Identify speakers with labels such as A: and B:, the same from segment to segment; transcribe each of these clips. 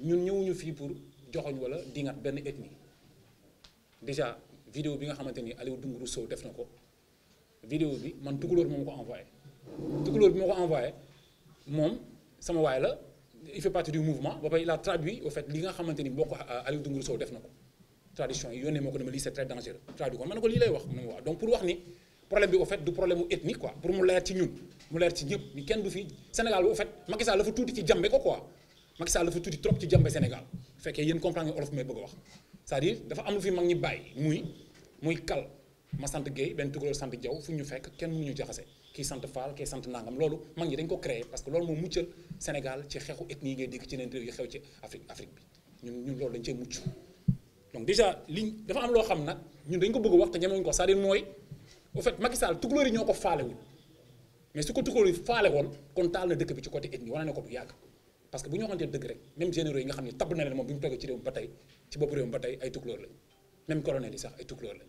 A: ñun ñëwuñu fii pour joxoñ wala dingat benn ethnie déjà vidéo bi nga xamante ni Aliou Dunguru Sow def na ko vidéo bi man tukulóor moo ma envoyé tukulóor bi ma ko envoyé moom sama waay la il fait partie du mouvement ba il a traduit au li nga xamante ni bokk Aliou Dunguru Sow def na ko tradition yi yónnee moo ko ne ma lii c'est très dangereux traduit ko man na ko lii lay wax mu ne ma waaw donc pour wax ni problème bi au du problème ethnique quoi pour mu leer ci ñun mu leer ci ñëpp ni kenn du fi Sénégal bi au fait la fa tuuti ci jàmbe ko quoi Macky Sall la fa tuuti trop ci jàmbe Sénégal bu fekkee yéen comprendre nga olof may bëgg a wax c'est-à-dire am lu fi mag ñi bàyyi muy muy kal ma sant Guèye benn tukulóor sant Diaw fu ñu fekk kenn mënuñu jaxase kii sant Fall kii sant nangam loolu mag ñi dañ ko créé parce que loolu moo muccal Sénégal ci xeexu ethnie yi ngay dégg ci neen réew yi xew ci Afrique Afrique bi ñun loolu dañ cee mucc donc déjà liñ dafa am loo xam nag ñun dañ ko bëgg wax te ñemewuñ ko cest mooy au fait Macky Sall yi ñoo ko faalewul mais su ko tukulóor yi faale woon kon taal na dëkk bi ci côté ethnie wane na ko bu yàgg parce que bu ñu waxantee dëgg rek même généraux yi nga xam ne tabb na leen moom bi sax ay tukulóor lañ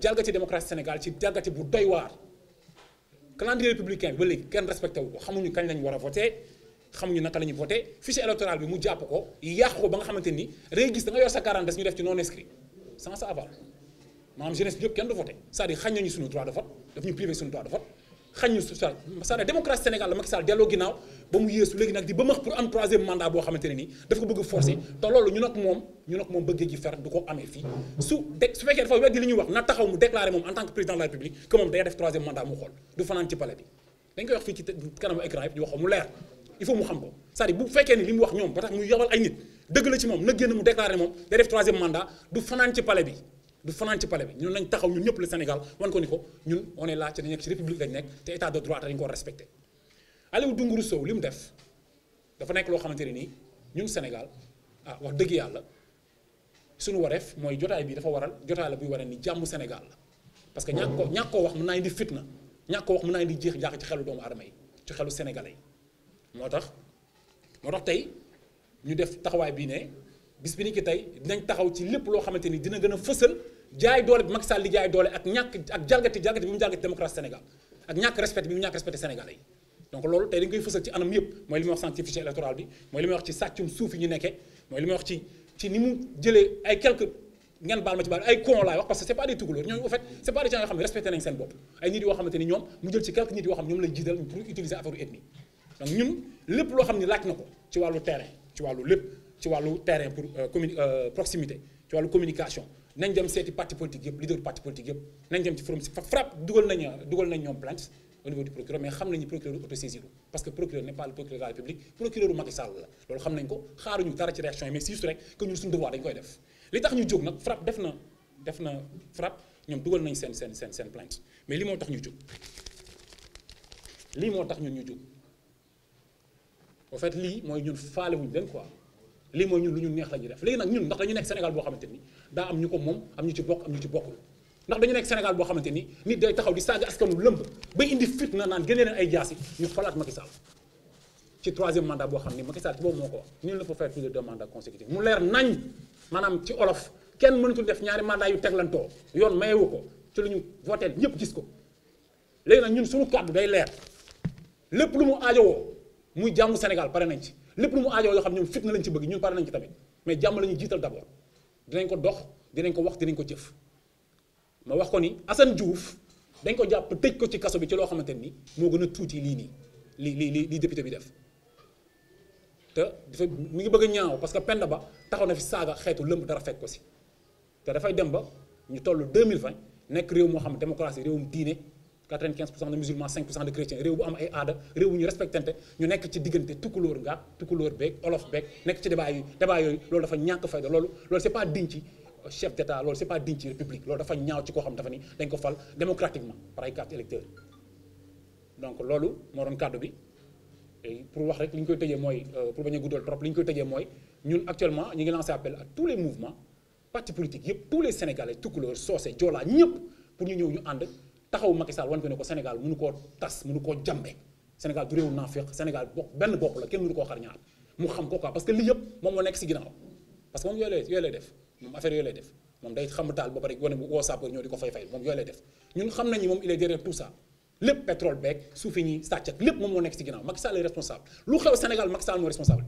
A: jalgati démocratie Sénégal ci jalgati bu doy waar calendrier républicain ba léegi kenn respecté wu ko xamuñu kañ lañ war a voté xamuñu naka lañu ñuy voté fichier électoral bi mu jàpp ko yàq ko ba nga xamante ni rek gis da nga yor sa quarante des ñu def ci non inscrit sans sa aval maanaam jeunesse bi yëpp kenn du voté cest à xañ nañu suñu droit de vote daf ñu privé suñu droit de vote xañ ñu social c'est-à-dire démocratie Sénégal la Macky Sall delloo ginnaaw ba mu yéesu léegi nag di ba max pour am troisième mandat boo xamante nii daf ko bëgg forcer mm-hmm. te loolu ñu nag moom ñu nag moom bëggee ji fer du ko amee fii su de su fekkee dafa weddi li ñuy wax na taxaw mu déclaré moom en tant que président de la République que moom day def troisième mandat mu xool du fanaan ci palais bi dañ koy wax fii ci kanamu écran yëpp ñu wax mu leer il faut mu xam ko ni li mu wax ñoom ba tax mu yabal ay nit dëgg la ci moom na génn mu déclaré moom day def troisième mandat du fanaan ci palais du fanaan ci palais bi ñun lañ taxaw ñun ñëpp le Sénégal wan ko ni ko ñun on est là ci dañ nekk ci république lañ nekk te état de droit dañ ko respecté Aliou Dunguru Sow li mu def dafa nekk loo xamante ne nii ñun Sénégal ah wax dëgg yàlla suñu wareef mooy jotaay bii dafa waral jotaay la buy waree ni jàmm Sénégal la parce que ñàkk koo mm. ñàkk koo wax mën naa indi fitna ñàkk koo wax mën naa indi jeex jaax ci xelu doomu aadama ci xelu sénégalais moo tax moo tax tey ñu def taxawaay bii ne bis bi ni ki tey dinañ taxaw ci lépp loo xamante ni dina gën a fësal jaay doole bi Macky Sall di doole ak ñàkk ak jalgati jalgati bi mu jalgati démocratie Sénégal ak ñàkk respect bi mu ñàkk respecté Sénégalais yi donc loolu tey dañ koy fësal ci anam yëpp mooy li ma wax sànq ci fichier électoral bi mooy sàccum suuf yi ñu nekkee mooy li ma wax ci ci ni mu jëlee ay quelques ngeen baal ma ci baal ay con laay wax parce que c'est pas des tukulóor ñooñu au fait c'est pas des loo xam ne laaj na ko ci wàllu terrain ci wàllu lépp ci wàllu terrain pour euh, communi euh, proximité communication nañ dem seeti parti politique yëpp leader parti politique yëpp nañ dem ci forum si frappe dugal nañ dugal nañ ñoom plainte au procureur mais xam nañu procureur du autosaisir parce que procureur n'est pas le procureur de la république procureur u Macky Sall la loolu xam nañ ko xaaruñu dara ci réaction yi mais c'est juste rek que ñun suñu devoir dañ koy def li tax ñu jóg nag frappe def na def na frappe ñoom dugal nañ seen seen seen seen plainte mais lii moo tax ñu jóg lii moo tax ñun ñu jóg en lii mooy ñun faalewuñu leen quoi lii mooy ñun lu ñu neex la ñuy def léegi nag ñun ndax dañu nekk Sénégal boo xamante ni daa am ñu ko moom am ñu ci bokk am ñu ci bokk ndax dañu nekk Sénégal boo xamante ni nit day taxaw di saaga askanu lëmb ba indi na naan génne leen ay jaasi ñu falaat Macky Sall ci troisième mandat boo xam ni Macky Sall ci boobu moo ko wax nul ne peut faire plus de deux mandats mu leer nañ maanaam ci olof kenn mënatul def ñaari mandat yu teglantoo yoon mayewu ko ci ñu voté ñëpp gis ko léegi nag ñun suñu kàddu day leer lépp lu mu aajowoo muy jàmm Sénégal pare nañ ci lépp lu mu aajoo yoo xam ñoom fitna lañ ci bëgg ñun pare nañ ci tamit mais jàmm la ñuy jiital d'abord dinañ ko dox dinañ ko wax dinañ ko jëf ma wax ko ni Assane Diouf dañ ko jàpp tëj ko ci kaso bi ci loo xamante ni moo gën a tuuti lii nii li li li li député bi def te dafa mi ngi bëgg a ñaaw parce que Penda Ba taxaw na fi saaga xeetu lëmb dara fekk ko si te dafay dem ba ñu toll 2020 nekk réew moo xam démocratie réewum diine 95 pour cent de musulmans de chrétiens réew bu am ay aada réew bu ñu respectante ñu nekk ci diggante tukkulóor nga tukkulóor beeg olof beeg nekk ci débat yi débat yooyu loolu dafa ñàkk fayda loolu loolu loolu dafa ñaaw ci koo xam dafa ni dañ ko fal démocratiquement par ay carte électeur donc loolu moo doon kàddu bi pour wax rek li ñu koy tëjee mooy euh, pour bañ a guddal trop li ñu koy tëjee mooy ñun actuellement ñu ngi lancé appel à tous les mouvements partis politiques yëpp tous les sénégalais tukkulóor soose joola ñëpp pour ñëw ñu ànd taxaw Macky Sall wan ko ne ko Sénégal mënu koo tas mënu koo jàmbe Sénégal du réew naafeq Sénégal bokk benn bopp la kenn mënu koo xar ñaar mu xam ko quoi parce que lii yëpp moom moo nekk si ginnaaw parce que moom yooyu lay yooyu xam taal ba pare wane woo sapeur ñoo di ko fay fay moom yooyu lay def ñun xam nañu moom il est derrière tout ça lépp pétrole beeg suuf yi ñuy sàcc lépp moom moo nekk si ginnaaw Macky Sall est responsable lu xew Sénégal Macky Sall moo responsable